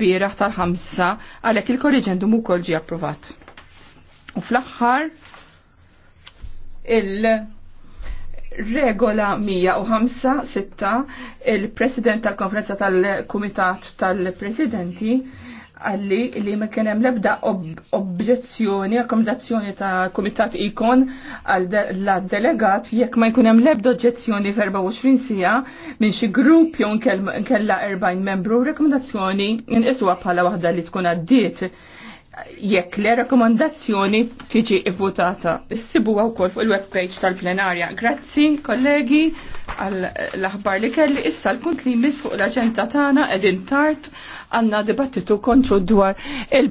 il-bieraħ tal-ħamsa għalhekk il-korriġendum ukoll ġie approvat. U fl-aħħar il-regola 105-6 il-President tal-Konferenza tal-Kumitat tal-Presidenti għalli li ma kienem lebda obġezzjoni, akkomodazzjoni ta' komitat ikon għal la delegat jekk ma jkunem lebda oġġezzjoni f-24 sija minn xi grupp jew nkella 40 membru rekomendazzjoni nqiswa bħala waħda li tkun għaddiet jekk le rekomendazzjoni tiġi ivvutata. Issibuha wkoll fuq il-webpage tal-plenarja. Grazzi, kollegi għal l-aħbar li kelli issa l-punt li jmiss fuq l-aġenda tagħna qegħdin tard għandna dibattitu kontru dwar il-